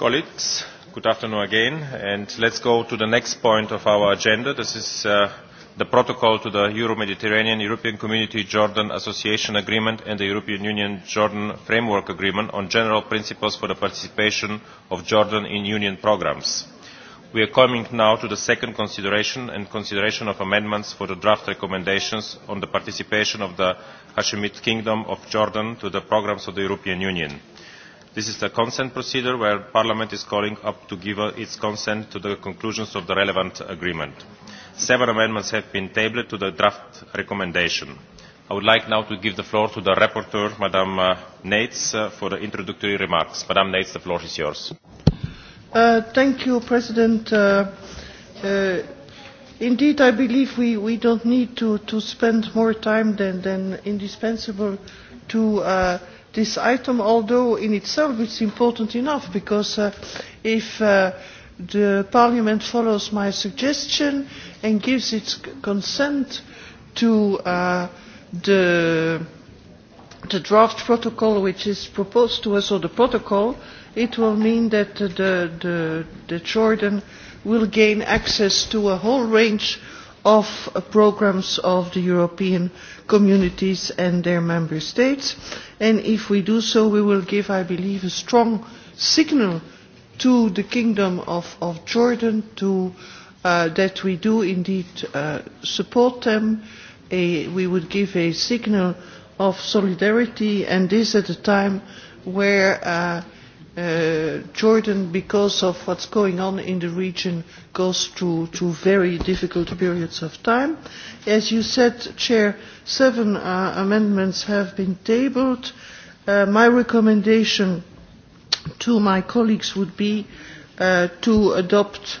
Colleagues, good afternoon again, and let's go to the next point of our agenda. This is uh, the protocol to the Euro-Mediterranean European Community Jordan Association Agreement and the European Union Jordan Framework Agreement on general principles for the participation of Jordan in union programs. We are coming now to the second consideration and consideration of amendments for the draft recommendations on the participation of the Hashemite Kingdom of Jordan to the programs of the European Union. This is the consent procedure where Parliament is calling up to give uh, its consent to the conclusions of the relevant agreement. Several amendments have been tabled to the draft recommendation. I would like now to give the floor to the rapporteur, Madame uh, Nates, uh, for the introductory remarks. Madame Nates, the floor is yours. Uh, thank you, President. Uh, uh, indeed, I believe we, we don't need to, to spend more time than, than indispensable to uh, this item, although in itself it's important enough, because uh, if uh, the Parliament follows my suggestion and gives its consent to uh, the, the draft protocol which is proposed to us, or the protocol, it will mean that the, the, the Jordan will gain access to a whole range of uh, programs of the European communities and their member states And if we do so, we will give, I believe, a strong signal to the Kingdom of, of Jordan to, uh, that we do indeed uh, support them. A, we would give a signal of solidarity, and this at a time where uh, uh, Jordan, because of what's going on in the region, goes through, through very difficult periods of time. As you said, Chair, seven uh, amendments have been tabled. Uh, my recommendation to my colleagues would be uh, to adopt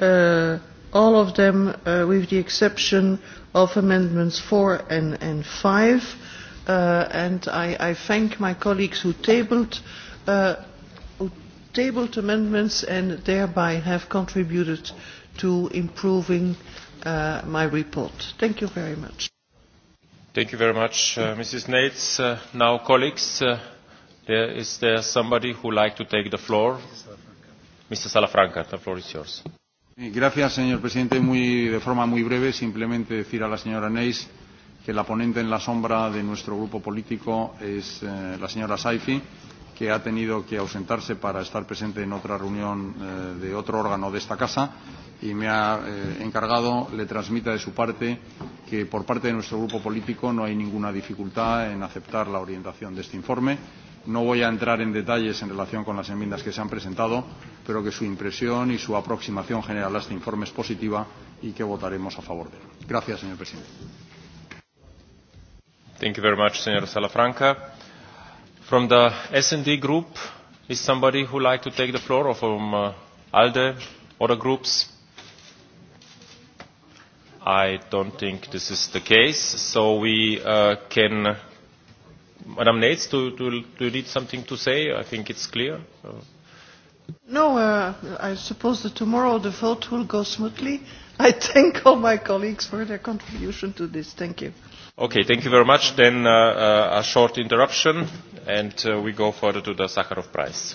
uh, all of them uh, with the exception of amendments four and, and five. Uh, and I, I thank my colleagues who tabled uh, tabled amendments and thereby have contributed to improving uh, my report. Thank you very much. Thank you very much, uh, Mrs. Nates. Uh, now, colleagues, uh, there, is there somebody who would like to take the floor? Mr. Salafranca, the floor is yours. Gracias, señor presidente. Muy, de forma muy breve, simplemente decir a la señora Neis que la ponente en la sombra de nuestro grupo político es eh, la señora Saifi que ha tenido que ausentarse para estar presente en otra reunión eh, de otro órgano de esta casa y me ha eh, encargado, le transmita de su parte, que por parte de nuestro grupo político no hay ninguna dificultad en aceptar la orientación de este informe. No voy a entrar en detalles en relación con las enmiendas que se han presentado, pero que su impresión y su aproximación general a este informe es positiva y que votaremos a favor de él. Gracias, señor presidente. Thank you very much, señor Salafranca. From the S&D group, is somebody who like to take the floor or from uh, ALDE, other groups? I don't think this is the case, so we uh, can... Madam Nates, do, do, do you need something to say? I think it's clear. Uh, No, uh, I suppose that tomorrow the vote will go smoothly. I thank all my colleagues for their contribution to this. Thank you. Okay, thank you very much. Then uh, uh, a short interruption and uh, we go further to the Sakharov Prize.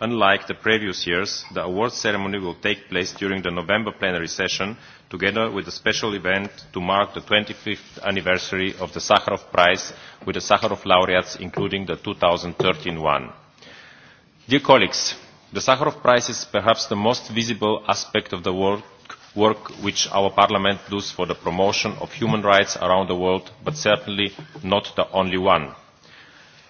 Unlike the previous years, the awards ceremony will take place during the November plenary session, together with a special event to mark the 25th anniversary of the Sakharov Prize, with the Sakharov laureates, including the 2013 one. Dear colleagues, the Sakharov Prize is perhaps the most visible aspect of the work, work which our Parliament does for the promotion of human rights around the world, but certainly not the only one.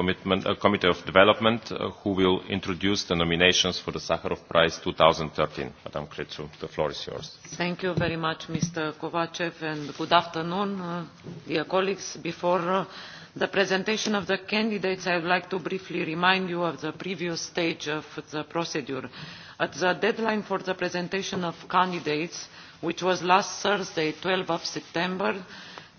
commitment, uh, Committee of Development, uh, who will introduce the nominations for the Sakharov Prize 2013. Madam Kretsu, the floor is yours. Thank you very much, Mr. Kovachev, and good afternoon, uh, dear colleagues. Before uh, the presentation of the candidates, I would like to briefly remind you of the previous stage of the procedure. At the deadline for the presentation of candidates, which was last Thursday, 12 of September,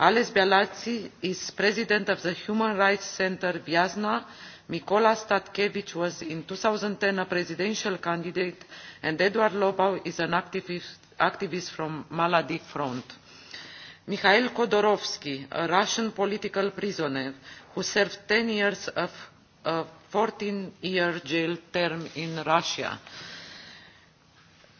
Ales Bialatski is president of the Human Rights Center Vyazna. Mikola Statkevich was in 2010 a presidential candidate and Eduard Lobau is an activist, activist from Maladi Front. Mikhail Khodorovsky, a Russian political prisoner who served 10 years of a 14-year jail term in Russia,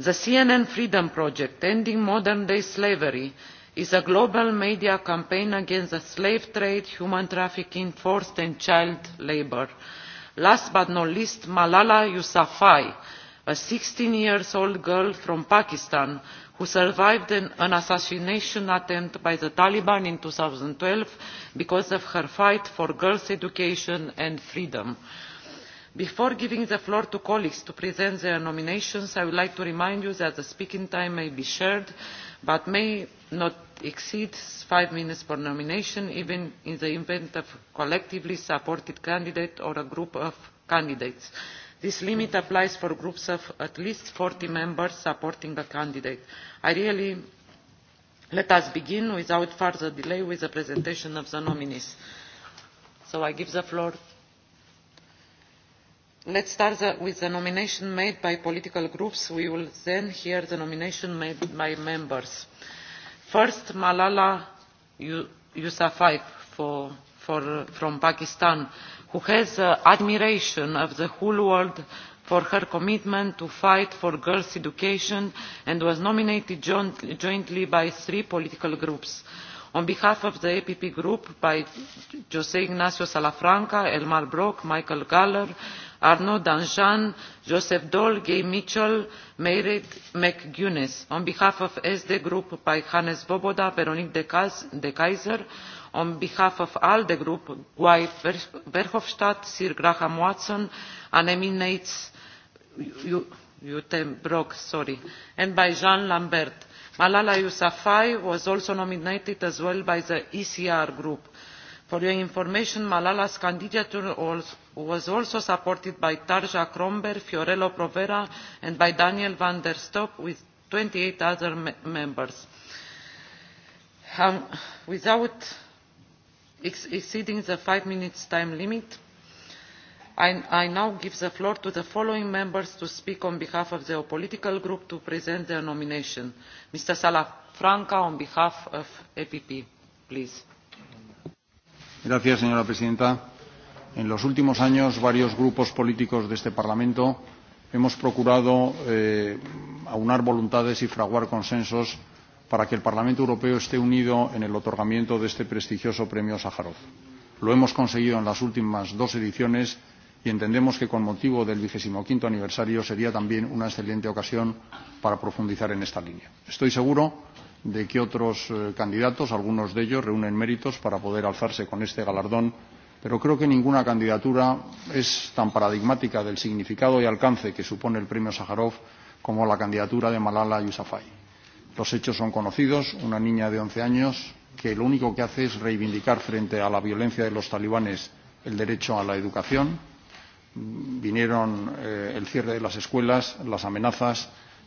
The CNN Freedom Project, Ending Modern Day Slavery, is a global media campaign against the slave trade, human trafficking, forced and child labour. Last but not least, Malala Yousafzai, a 16 year old girl from Pakistan who survived an, an assassination attempt by the Taliban in 2012 because of her fight for girls' education and freedom. Before giving the floor to colleagues to present their nominations, I would like to remind you that the speaking time may be shared, but may not exceed five minutes per nomination, even in the event of collectively supported candidate or a group of candidates. This limit applies for groups of at least 40 members supporting a candidate. I really let us begin without further delay with the presentation of the nominees. So I give the floor let us start the, with the nomination made by political groups. we will then hear the nomination made by members. first malala yousafzai for, for, from pakistan who has uh, admiration of the whole world for her commitment to fight for girls' education and was nominated joint, jointly by three political groups. On behalf of the EPP group, by Jose Ignacio Salafranca, Elmar Brok, Michael Galler, Arnaud Danjan, Joseph Daul, Gay Mitchell, Meirik McGuinness. On behalf of SD Group by Hannes Boboda, Veronique de Kaiser, on behalf of ALDE Group, Guy Verhofstadt, Sir Graham Watson, and Jutem Brock, sorry, and by Jean Lambert. Malala Yousafzai was also nominated as well by the ECR group. For your information, Malala's candidature was also supported by Tarja Kromber, Fiorello Provera, and by Daniel van der Stop with 28 other me members. Um, without ex exceeding the five minutes time limit, I, I now give the floor to the following members to speak on behalf of their political group to present their nomination. Mr. Salafranca on behalf of EPP, please. Gracias, señora presidenta. En los últimos años, varios grupos políticos de este Parlamento hemos procurado eh, aunar voluntades y fraguar consensos para que el Parlamento Europeo esté unido en el otorgamiento de este prestigioso premio Sájarov. Lo hemos conseguido en las últimas dos ediciones y entendemos que con motivo del quinto aniversario sería también una excelente ocasión para profundizar en esta línea. Estoy seguro de que otros eh, candidatos, algunos de ellos, reúnen méritos para poder alzarse con este galardón, pero creo que ninguna candidatura es tan paradigmática del significado y alcance que supone el premio Sájarov como la candidatura de Malala Yousafzai. Los hechos son conocidos, una niña de 11 años que lo único que hace es reivindicar frente a la violencia de los talibanes el derecho a la educación, vinieron eh, el cierre de las escuelas, las amenazas,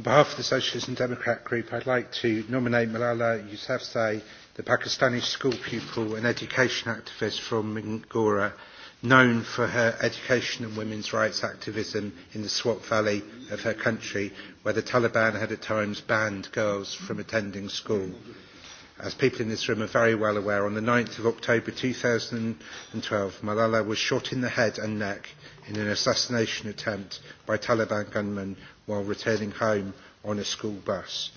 On behalf of the Socialist and Democrat Group, I'd like to nominate Malala Yousafzai, the Pakistani school pupil and education activist from Mingora, known for her education and women's rights activism in the Swat Valley of her country, where the Taliban had at times banned girls from attending school. Mm -hmm as people in this room are very well aware, on the 9th of October 2012, Malala was shot in the head and neck in an assassination attempt by Taliban gunmen while returning home on a school bus.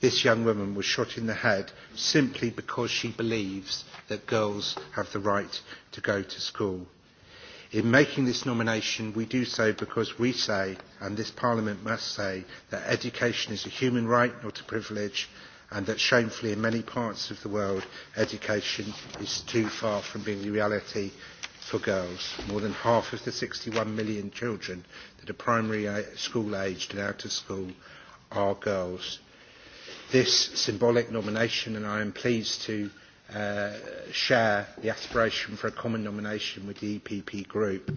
This young woman was shot in the head simply because she believes that girls have the right to go to school. In making this nomination, we do so because we say, and this Parliament must say, that education is a human right, not a privilege, and that shamefully in many parts of the world education is too far from being the reality for girls. More than half of the 61 million children that are primary school aged and out of school are girls. This symbolic nomination, and I am pleased to Uh, share the aspiration for a common nomination with the EPP group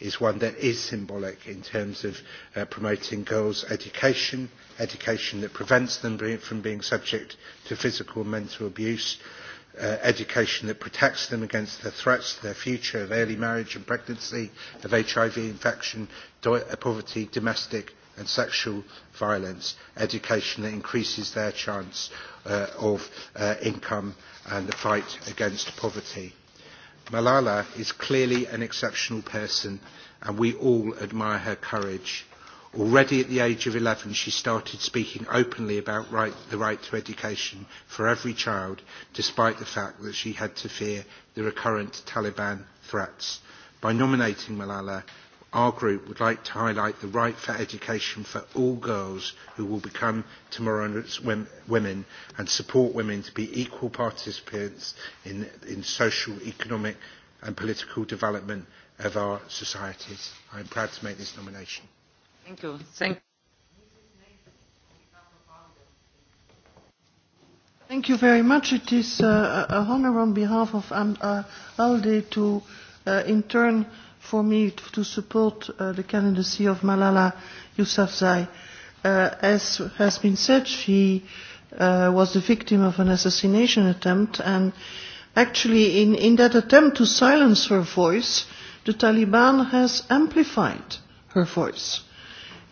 is one that is symbolic in terms of uh, promoting girls' education, education that prevents them from being subject to physical and mental abuse, uh, education that protects them against the threats to their future of early marriage and pregnancy, of HIV infection, uh, poverty, domestic and sexual violence, education that increases their chance uh, of uh, income and the fight against poverty. Malala is clearly an exceptional person and we all admire her courage. Already at the age of 11, she started speaking openly about right, the right to education for every child, despite the fact that she had to fear the recurrent Taliban threats. By nominating Malala, our group would like to highlight the right for education for all girls who will become tomorrow's women and support women to be equal participants in, in social, economic and political development of our societies. I am proud to make this nomination. Thank you. Thank Thank you very much. It is uh, a honor on behalf of um, uh, ALDE to uh, in turn for me to support uh, the candidacy of Malala Yousafzai. Uh, as has been said, she uh, was the victim of an assassination attempt, and actually in, in that attempt to silence her voice, the Taliban has amplified her voice.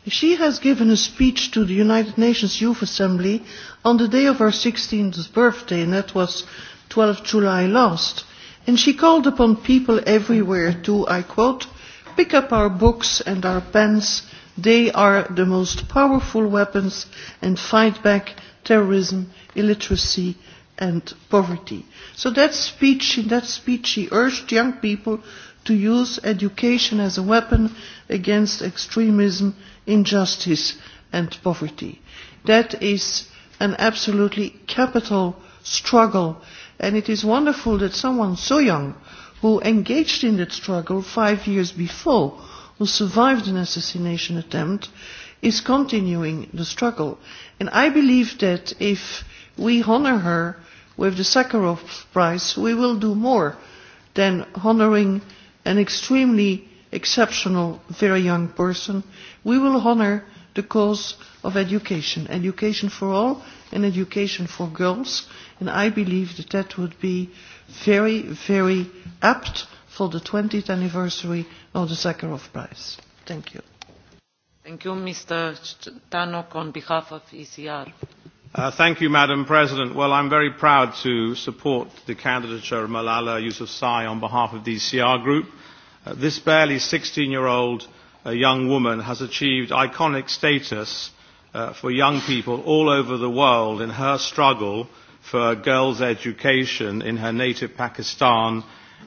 She has given a speech to the United Nations Youth Assembly on the day of her 16th birthday, and that was 12 July last and she called upon people everywhere to, I quote, pick up our books and our pens, they are the most powerful weapons and fight back terrorism, illiteracy and poverty. So that speech, in that speech she urged young people to use education as a weapon against extremism, injustice and poverty. That is an absolutely capital struggle And it is wonderful that someone so young who engaged in that struggle five years before, who survived an assassination attempt, is continuing the struggle. And I believe that if we honor her with the Sakharov Prize, we will do more than honoring an extremely exceptional, very young person. We will honor the cause of education, education for all and education for girls. And I believe that that would be very, very apt for the 20th anniversary of the Sakharov Prize. Thank you. Thank you, Mr. Tanok, on behalf of ECR. Uh, thank you, Madam President. Well, I'm very proud to support the candidature of Malala Yousafzai on behalf of the ECR group. Uh, this barely 16-year-old a young woman has achieved iconic status uh, for young people all over the world in her struggle for girls' education in her native Pakistan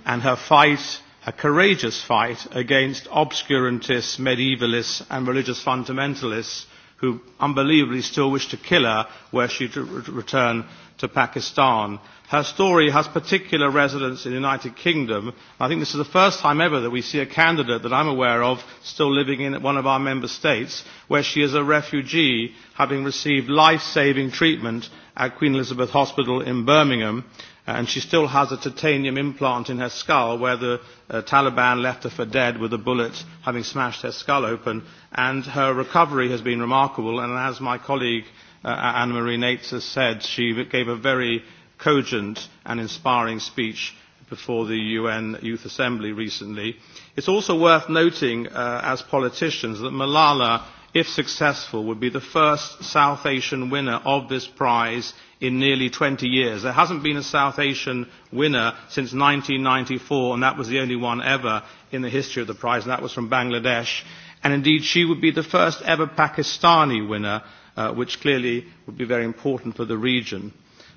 and her fight, her courageous fight against obscurantists, medievalists and religious fundamentalists who unbelievably still wish to kill her were she to return to Pakistan. Her story has particular resonance in the United Kingdom. I think this is the first time ever that we see a candidate that I'm aware of still living in one of our member states, where she is a refugee having received life-saving treatment at Queen Elizabeth Hospital in Birmingham. Uh, and she still has a titanium implant in her skull where the uh, Taliban left her for dead with a bullet having smashed her skull open and her recovery has been remarkable and as my colleague uh, Anne-Marie Nates has said she gave a very cogent and inspiring speech before the UN Youth Assembly recently. It's also worth noting uh, as politicians that Malala if successful would be the first South Asian winner of this prize in nearly 20 years. There hasn't been a South Asian winner since 1994, and that was the only one ever in the history of the prize, and that was from Bangladesh. And indeed, she would be the first ever Pakistani winner, uh, which clearly would be very important for the region.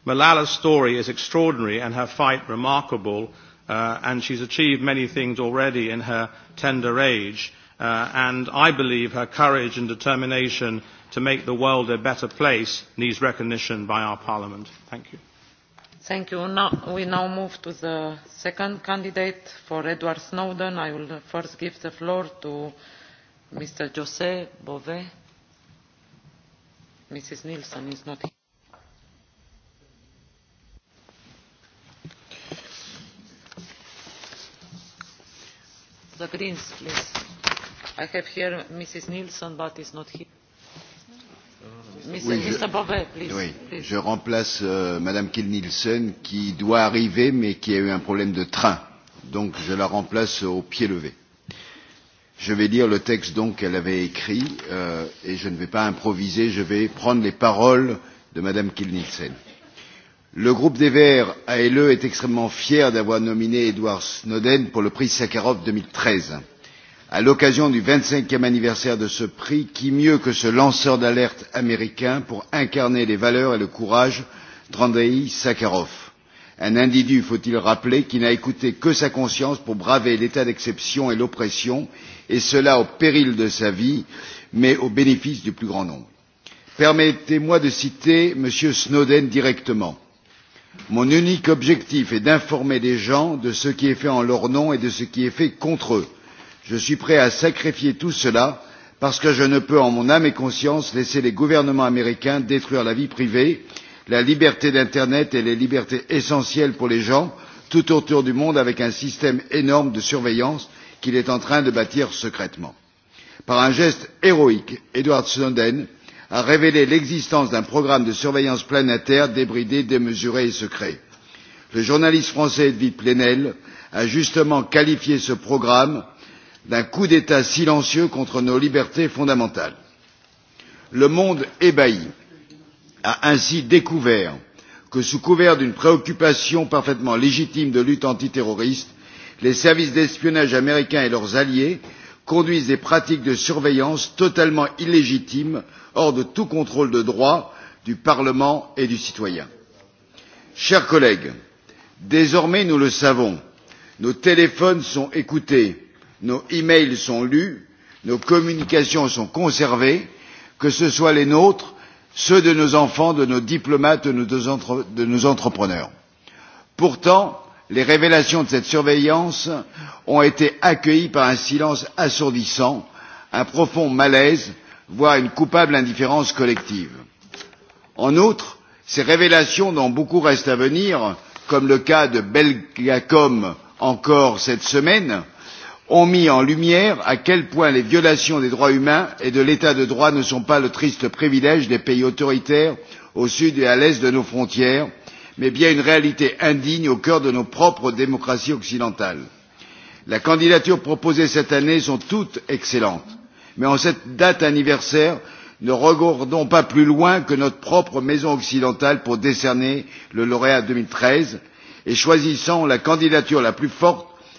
Malala's story is extraordinary and her fight remarkable, uh, and she's achieved many things already in her tender age uh, and I believe her courage and determination to make the world a better place needs recognition by our Parliament. Thank you. Thank you. Now, we now move to the second candidate for Edward Snowden. I will first give the floor to Mr. Jose Bove. Mrs. Nielsen is not here. The Greens, please. I have here Mrs. Nielsen, but is not here. Mr. Oui, Mr. Je, Bobet, please, oui, please. je remplace euh, Madame Kil Nielsen qui doit arriver mais qui a eu un problème de train. Donc je la remplace au pied levé. Je vais lire le texte donc qu'elle avait écrit euh, et je ne vais pas improviser, je vais prendre les paroles de Madame Kil Nielsen. Le groupe des Verts ALE est extrêmement fier d'avoir nominé Edward Snowden pour le prix Sakharov 2013. À l'occasion du 25e anniversaire de ce prix, qui mieux que ce lanceur d'alerte américain pour incarner les valeurs et le courage d'Andrei Sakharov Un individu, faut-il rappeler, qui n'a écouté que sa conscience pour braver l'état d'exception et l'oppression, et cela au péril de sa vie, mais au bénéfice du plus grand nombre. Permettez-moi de citer M. Snowden directement. Mon unique objectif est d'informer les gens de ce qui est fait en leur nom et de ce qui est fait contre eux. Je suis prêt à sacrifier tout cela parce que je ne peux en mon âme et conscience laisser les gouvernements américains détruire la vie privée, la liberté d'Internet et les libertés essentielles pour les gens tout autour du monde avec un système énorme de surveillance qu'il est en train de bâtir secrètement. Par un geste héroïque, Edward Snowden a révélé l'existence d'un programme de surveillance planétaire débridé, démesuré et secret. Le journaliste français Edwin Plenel a justement qualifié ce programme d'un coup d'État silencieux contre nos libertés fondamentales. Le monde ébahi a ainsi découvert que sous couvert d'une préoccupation parfaitement légitime de lutte antiterroriste, les services d'espionnage américains et leurs alliés conduisent des pratiques de surveillance totalement illégitimes, hors de tout contrôle de droit du Parlement et du citoyen. Chers collègues, désormais nous le savons, nos téléphones sont écoutés, nos e-mails sont lus, nos communications sont conservées, que ce soit les nôtres, ceux de nos enfants, de nos diplomates, de nos, entre, de nos entrepreneurs. Pourtant, les révélations de cette surveillance ont été accueillies par un silence assourdissant, un profond malaise, voire une coupable indifférence collective. En outre, ces révélations dont beaucoup restent à venir, comme le cas de Belgacom encore cette semaine, ont mis en lumière à quel point les violations des droits humains et de l'état de droit ne sont pas le triste privilège des pays autoritaires au sud et à l'est de nos frontières, mais bien une réalité indigne au cœur de nos propres démocraties occidentales. La candidature proposée cette année sont toutes excellentes, mais en cette date anniversaire, ne regardons pas plus loin que notre propre maison occidentale pour décerner le lauréat 2013 et choisissons la candidature la plus forte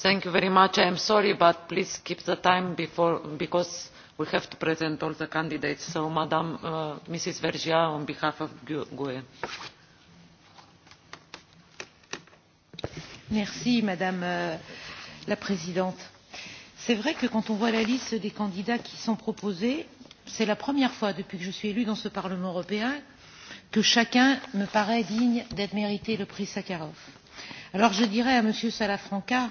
Thank you very much. I am sorry, but please keep the time before, because we have to present all the candidates. So, Madam, uh, Mrs. Vergia, on behalf of GUE. Merci, Madame euh, la Présidente. C'est vrai que quand on voit la liste des candidats qui sont proposés, c'est la première fois depuis que je suis élue dans ce Parlement européen que chacun me paraît digne d'être mérité le prix Sakharov. Alors je dirais à M. Salafranca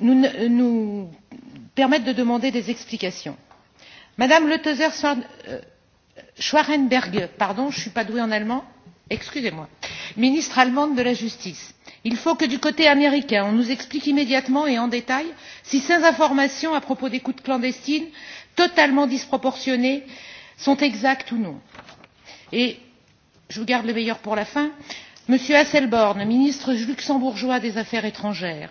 nous, nous permettent de demander des explications. Madame Leutheuser euh, Schwarenberg, pardon, je ne suis pas douée en allemand, excusez-moi, ministre allemande de la Justice. Il faut que du côté américain, on nous explique immédiatement et en détail si ces informations à propos des coûts clandestines, totalement disproportionnées, sont exactes ou non. Et je vous garde le meilleur pour la fin. Monsieur Hasselborn, ministre luxembourgeois des Affaires étrangères,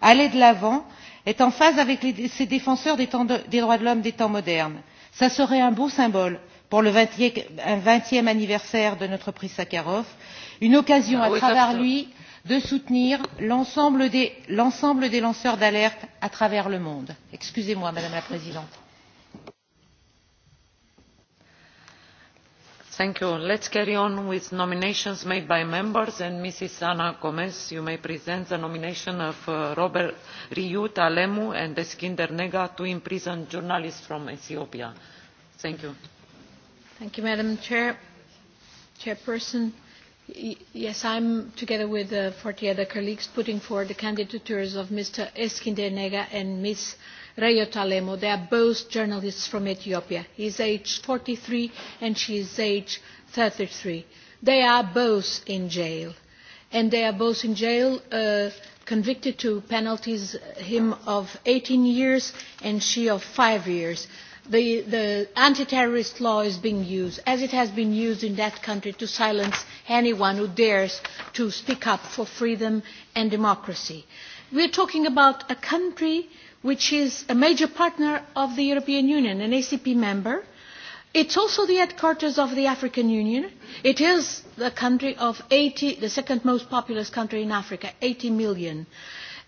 aller de l'avant, est en phase avec les, ces défenseurs des, temps de, des droits de l'homme des temps modernes. Ça serait un beau symbole pour le 20e, un 20e anniversaire de notre prix Sakharov, une occasion ah à travers lui de soutenir l'ensemble des, des lanceurs d'alerte à travers le monde. Excusez-moi, Madame la Présidente. Thank you. Let's carry on with nominations made by members. And Mrs. Ana Gomez, you may present the nomination of uh, Robert Riut Alemu and Eskinder Nega, two imprisoned journalists from Ethiopia. Thank you. Thank you, Madam Chair. Chairperson, yes, I'm, together with uh, 40 other colleagues, putting forward the candidatures of Mr. Eskinder Nega and Ms. Rayo Talemo. They are both journalists from Ethiopia. He's age 43 and she is age 33. They are both in jail. And they are both in jail, uh, convicted to penalties, him of 18 years and she of 5 years the, the anti-terrorist law is being used, as it has been used in that country, to silence anyone who dares to speak up for freedom and democracy. We're talking about a country which is a major partner of the European Union, an ACP member. It's also the headquarters of the African Union. It is the country of 80, the second most populous country in Africa, 80 million.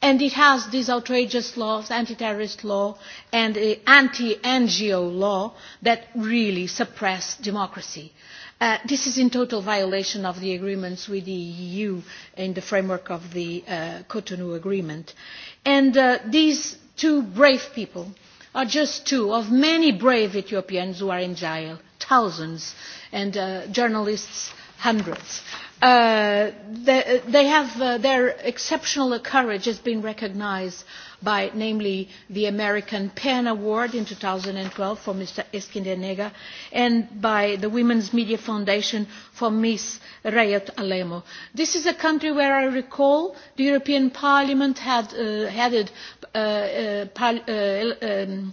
And it has these outrageous laws, anti-terrorist law and anti-NGO law that really suppress democracy. Uh, this is in total violation of the agreements with the EU in the framework of the uh, Cotonou Agreement. And uh, these Two brave people are just two of many brave Ethiopians who are in jail, thousands, and uh, journalists hundreds. Uh, they, uh, they have, uh, their exceptional courage has been recognized by namely the American PEN Award in 2012 for Mr. Nega and by the Women's Media Foundation for Ms. Rayot Alemo. This is a country where I recall the European Parliament had uh, headed uh, uh, par uh, um,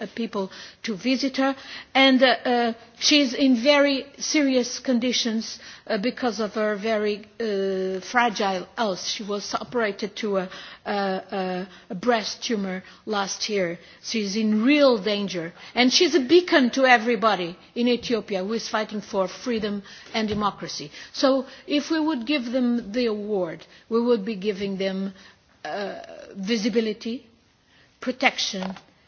Uh, people to visit her. And uh, uh, she's in very serious conditions uh, because of her very uh, fragile health. She was operated to a, a, a breast tumor last year. She's in real danger. And she's a beacon to everybody in Ethiopia who is fighting for freedom and democracy. So if we would give them the award, we would be giving them uh, visibility, protection,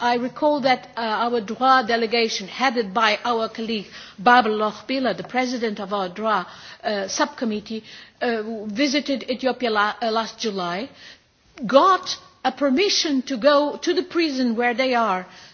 I recall that uh, our DRA delegation, headed by our colleague Babel Lochbila, the president of our DRA uh, subcommittee, uh, visited Ethiopia la uh, last July, got a permission to go to the prison where they are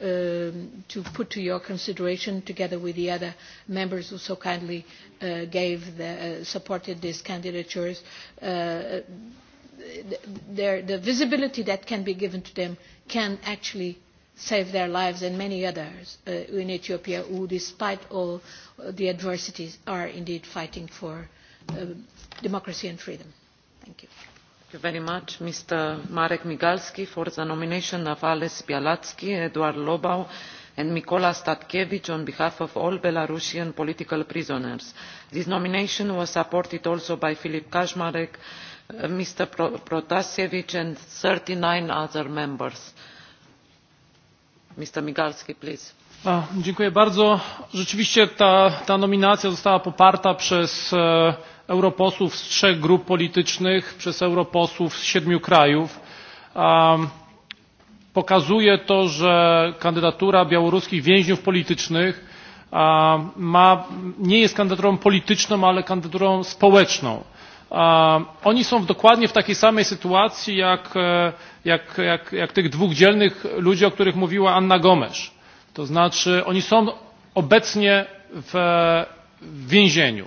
um, to put to your consideration together with the other members who so kindly uh, gave the, uh, supported these candidatures. Uh, the visibility that can be given to them can actually save their lives and many others uh, in Ethiopia who, despite all the adversities, are indeed fighting for uh, democracy and freedom. Thank you. Thank you very much, Mr. Marek Migalski, for the nomination of Ales Bialatsky, Eduard Lobau, and Mikola Statkevich on behalf of all Belarusian political prisoners. This nomination was supported also by Filip Kazmarek, uh, Mr. Protasevich, and 39 other members. Mr. Migalski, please. A, dziękuję bardzo. Rzeczywiście ta, ta nominacja została poparta przez e, europosłów z trzech grup politycznych przez europosłów z siedmiu krajów. Pokazuje to, że kandydatura białoruskich więźniów politycznych ma, nie jest kandydaturą polityczną, ale kandydaturą społeczną. Oni są dokładnie w takiej samej sytuacji jak, e, jak, jak, jak tych dwóch dzielnych ludzi, o których mówiła Anna Gomesz. To znaczy oni są obecnie w, w więzieniu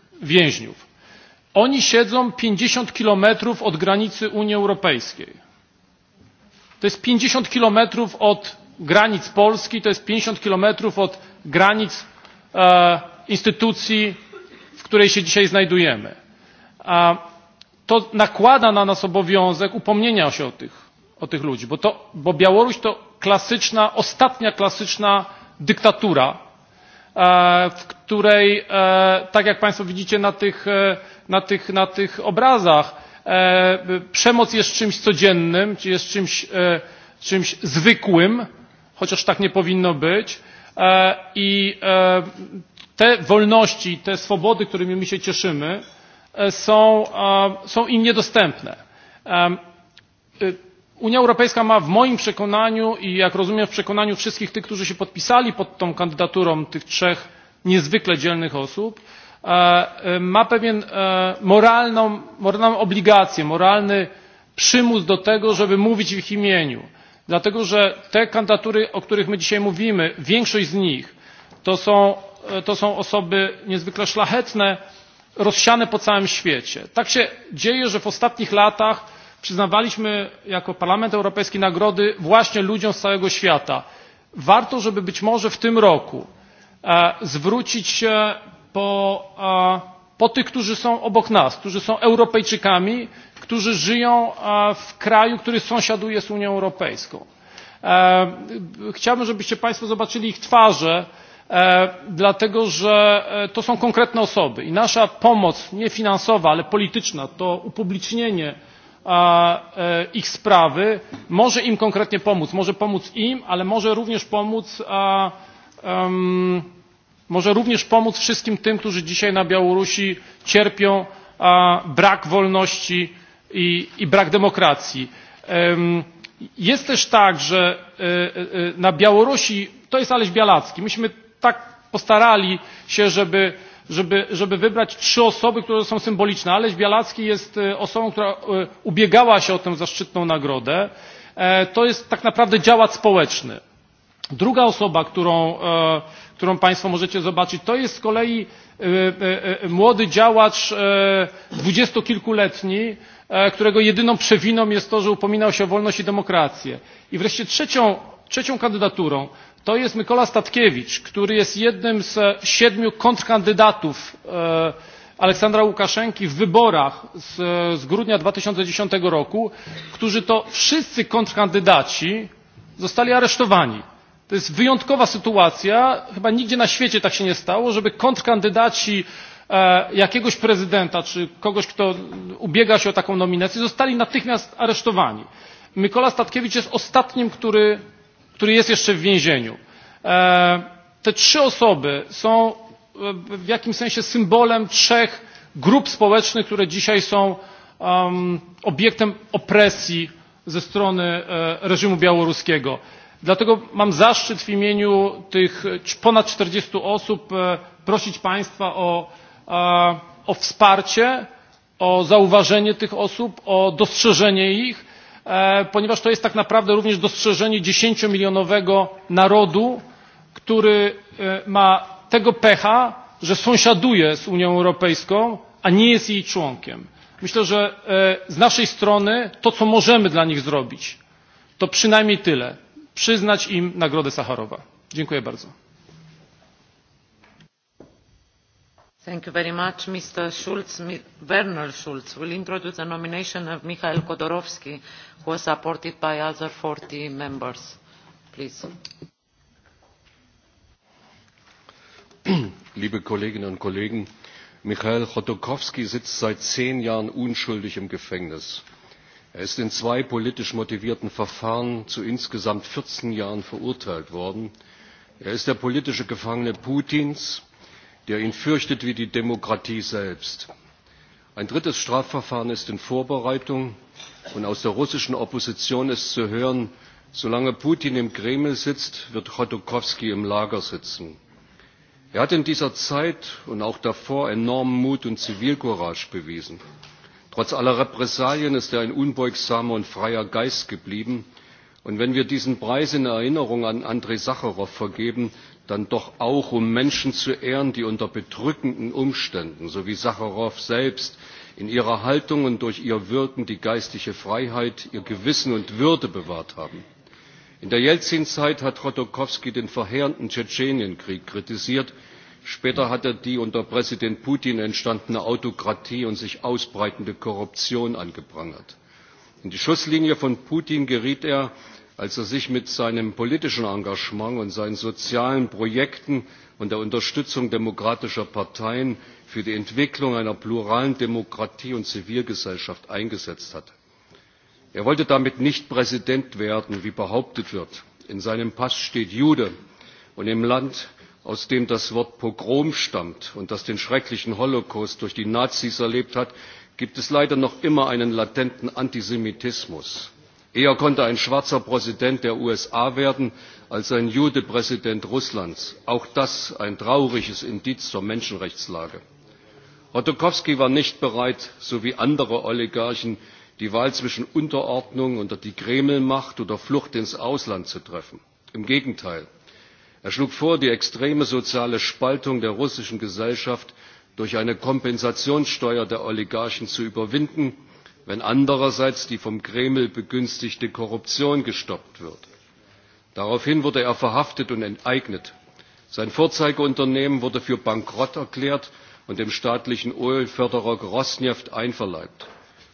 więźniów. Oni siedzą 50 kilometrów od granicy Unii Europejskiej. To jest 50 kilometrów od granic Polski, to jest 50 kilometrów od granic e, instytucji, w której się dzisiaj znajdujemy. A to nakłada na nas obowiązek upomnienia się o tych, o tych ludzi, bo, to, bo Białoruś to klasyczna, ostatnia klasyczna dyktatura, e, w której, e, tak jak Państwo widzicie na tych, e, na tych, na tych obrazach, e, przemoc jest czymś codziennym, jest czymś, e, czymś zwykłym, chociaż tak nie powinno być. E, I e, te wolności, te swobody, którymi my się cieszymy, e, są, e, są im niedostępne. E, e, Unia Europejska ma w moim przekonaniu i jak rozumiem w przekonaniu wszystkich tych, którzy się podpisali pod tą kandydaturą tych trzech niezwykle dzielnych osób, e, ma pewien e, moralną, moralną obligację, moralny przymus do tego, żeby mówić w ich imieniu. Dlatego, że te kandydatury, o których my dzisiaj mówimy, większość z nich to są, e, to są osoby niezwykle szlachetne, rozsiane po całym świecie. Tak się dzieje, że w ostatnich latach przyznawaliśmy jako Parlament Europejski nagrody właśnie ludziom z całego świata. Warto, żeby być może w tym roku E, zwrócić po, e, po tych, którzy są obok nas, którzy są Europejczykami, którzy żyją e, w kraju, który sąsiaduje z Unią Europejską. Chciałbym, żebyście Państwo zobaczyli ich twarze, dlatego że to są konkretne osoby i nasza pomoc, nie finansowa, ale polityczna, to upublicznienie ich sprawy może im konkretnie pomóc. Może pomóc im, ale może również pomóc um, może również pomóc wszystkim tym, którzy dzisiaj na Białorusi cierpią a, brak wolności i, i brak demokracji. Um, jest też tak, że y, e, y, e, na Białorusi, to jest Aleś Bialacki, myśmy tak postarali się, żeby żeby, żeby wybrać trzy osoby, które są symboliczne. Aleś Bialacki jest e, osobą, która ubiegała się o tę zaszczytną nagrodę. To jest tak naprawdę działacz społeczny. Druga osoba, którą, e, którą Państwo możecie zobaczyć, to jest z kolei e, e, e młody działacz e, dwudziestokilkuletni, e, którego jedyną przewiną jest to, że upominał się o wolność i demokrację. I wreszcie trzecią, trzecią kandydaturą to jest Mykola Statkiewicz, który jest jednym z siedmiu kontrkandydatów Aleksandra Łukaszenki w wyborach z, z grudnia 2010 roku, którzy to wszyscy kontrkandydaci zostali aresztowani. To jest wyjątkowa sytuacja, chyba nigdzie na świecie tak się nie stało, żeby kontrkandydaci e, jakiegoś prezydenta czy kogoś, kto ubiega się o taką nominację, zostali natychmiast aresztowani. Mykola Statkiewicz jest ostatnim, który, który jest jeszcze w więzieniu. E, te trzy osoby są e, w jakimś sensie symbolem trzech grup społecznych, które dzisiaj są obiektem opresji ze strony reżimu białoruskiego. Dlatego mam zaszczyt w imieniu tych ponad 40 osób e, prosić Państwa o, e, o wsparcie, o zauważenie tych osób, o dostrzeżenie ich, e, ponieważ to jest tak naprawdę również dostrzeżenie 10-milionowego narodu, który ma tego pecha, że sąsiaduje z Unią Europejską, a nie jest jej członkiem. Myślę, że z naszej strony to, co możemy dla nich zrobić, to przynajmniej tyle przyznać im Nagrodę Sacharowa. Dziękuję bardzo. Thank you very much, Mr. Schulz. Werner Schulz will introduce the nomination of Mikhail Kodorowski, who was supported by other 40 members. Please. Liebe Kolleginnen und Kollegen, Michael Chodorkowski sitzt seit zehn Jahren unschuldig im Gefängnis. Er ist in zwei politisch motivierten Verfahren zu insgesamt 14 Jahren verurteilt worden. Er ist der politische Gefangene Putins, der ihn fürchtet wie die Demokratie selbst. Ein drittes Strafverfahren ist in Vorbereitung und aus der russischen Opposition ist zu hören, solange Putin im Kreml sitzt, wird Khodorkovsky im Lager sitzen. Er hat in dieser Zeit und auch davor enormen Mut und Zivilcourage bewiesen. Trotz aller Repressalien ist er ein unbeugsamer und freier Geist geblieben. Und wenn wir diesen Preis in Erinnerung an Andrei Sacharow vergeben, dann doch auch, um Menschen zu ehren, die unter bedrückenden Umständen, so wie Sacharow selbst, in ihrer Haltung und durch ihr Wirken die geistige Freiheit, ihr Gewissen und Würde bewahrt haben. In der Jelzin-Zeit hat Rodokowski den verheerenden Tschetschenienkrieg kritisiert Später hatte die unter Präsident Putin entstandene Autokratie und sich ausbreitende Korruption angeprangert. In die Schusslinie von Putin geriet er, als er sich mit seinem politischen Engagement und seinen sozialen Projekten und der Unterstützung demokratischer Parteien für die Entwicklung einer pluralen Demokratie und Zivilgesellschaft eingesetzt hatte. Er wollte damit nicht Präsident werden, wie behauptet wird. In seinem Pass steht Jude und im Land aus dem das Wort Pogrom stammt und das den schrecklichen Holocaust durch die Nazis erlebt hat, gibt es leider noch immer einen latenten Antisemitismus. Eher konnte ein schwarzer Präsident der USA werden als ein Jude Präsident Russlands. Auch das ein trauriges Indiz zur Menschenrechtslage. Rotokowski war nicht bereit, so wie andere Oligarchen, die Wahl zwischen Unterordnung unter die Kremlmacht oder Flucht ins Ausland zu treffen. Im Gegenteil. Er schlug vor, die extreme soziale Spaltung der russischen Gesellschaft durch eine Kompensationssteuer der Oligarchen zu überwinden, wenn andererseits die vom Kreml begünstigte Korruption gestoppt wird. Daraufhin wurde er verhaftet und enteignet. Sein Vorzeigeunternehmen wurde für bankrott erklärt und dem staatlichen Ölförderer Rosneft einverleibt.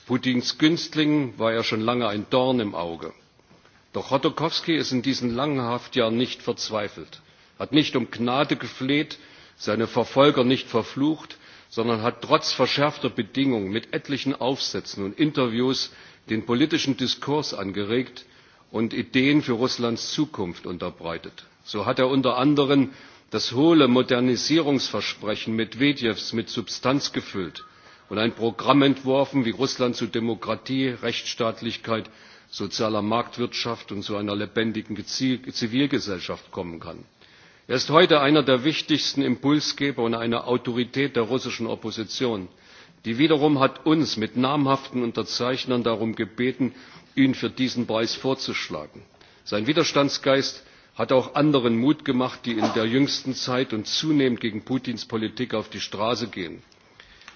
Putins Günstlingen war er schon lange ein Dorn im Auge. Doch Chodorkowski ist in diesen langen Haftjahren nicht verzweifelt, hat nicht um Gnade gefleht, seine Verfolger nicht verflucht, sondern hat trotz verschärfter Bedingungen mit etlichen Aufsätzen und Interviews den politischen Diskurs angeregt und Ideen für Russlands Zukunft unterbreitet. So hat er unter anderem das hohle Modernisierungsversprechen Medvedjews mit Substanz gefüllt und ein Programm entworfen, wie Russland zu Demokratie, Rechtsstaatlichkeit sozialer Marktwirtschaft und zu einer lebendigen Zivilgesellschaft kommen kann. Er ist heute einer der wichtigsten Impulsgeber und eine Autorität der russischen Opposition. Die wiederum hat uns mit namhaften Unterzeichnern darum gebeten, ihn für diesen Preis vorzuschlagen. Sein Widerstandsgeist hat auch anderen Mut gemacht, die in der jüngsten Zeit und zunehmend gegen Putins Politik auf die Straße gehen.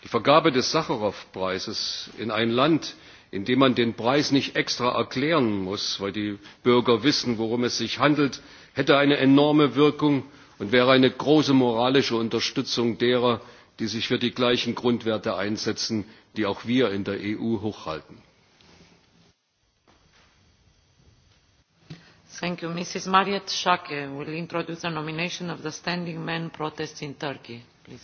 Die Vergabe des Sacharow-Preises in ein Land, indem man den Preis nicht extra erklären muss, weil die Bürger wissen, worum es sich handelt, hätte eine enorme Wirkung und wäre eine große moralische Unterstützung derer, die sich für die gleichen Grundwerte einsetzen, die auch wir in der EU hochhalten. Thank you. Mrs. will introduce a nomination of the standing men protest in Turkey, please.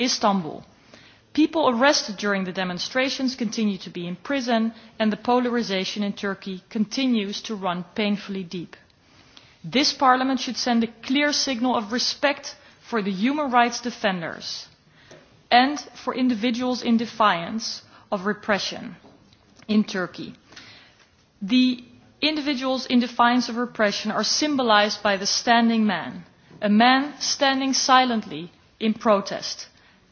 Istanbul. People arrested during the demonstrations continue to be in prison and the polarization in Turkey continues to run painfully deep. This parliament should send a clear signal of respect for the human rights defenders and for individuals in defiance of repression in Turkey. The individuals in defiance of repression are symbolized by the standing man, a man standing silently in protest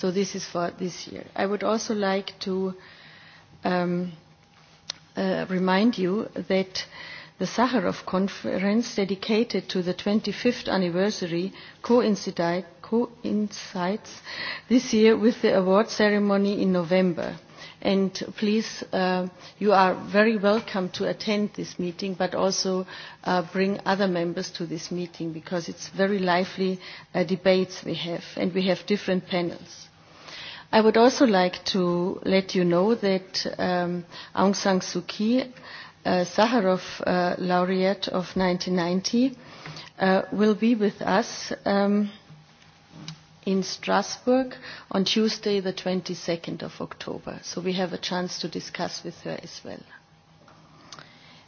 So this is for this year. I would also like to um, uh, remind you that the Sakharov conference dedicated to the 25th anniversary coincides this year with the award ceremony in November. And please, uh, you are very welcome to attend this meeting, but also uh, bring other members to this meeting because it's very lively uh, debates we have, and we have different panels. I would also like to let you know that um, Aung San Suu Kyi, uh, Sakharov uh, laureate of 1990, uh, will be with us um, in Strasbourg on Tuesday, the 22nd of October. So we have a chance to discuss with her as well.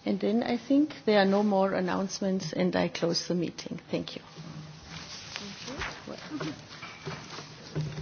And then I think there are no more announcements and I close the meeting. Thank you. Thank you. Well.